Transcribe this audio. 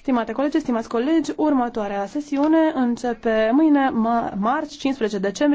Stimate colegi, stimați colegi, următoarea sesiune începe mâine, marți, 15 decembrie.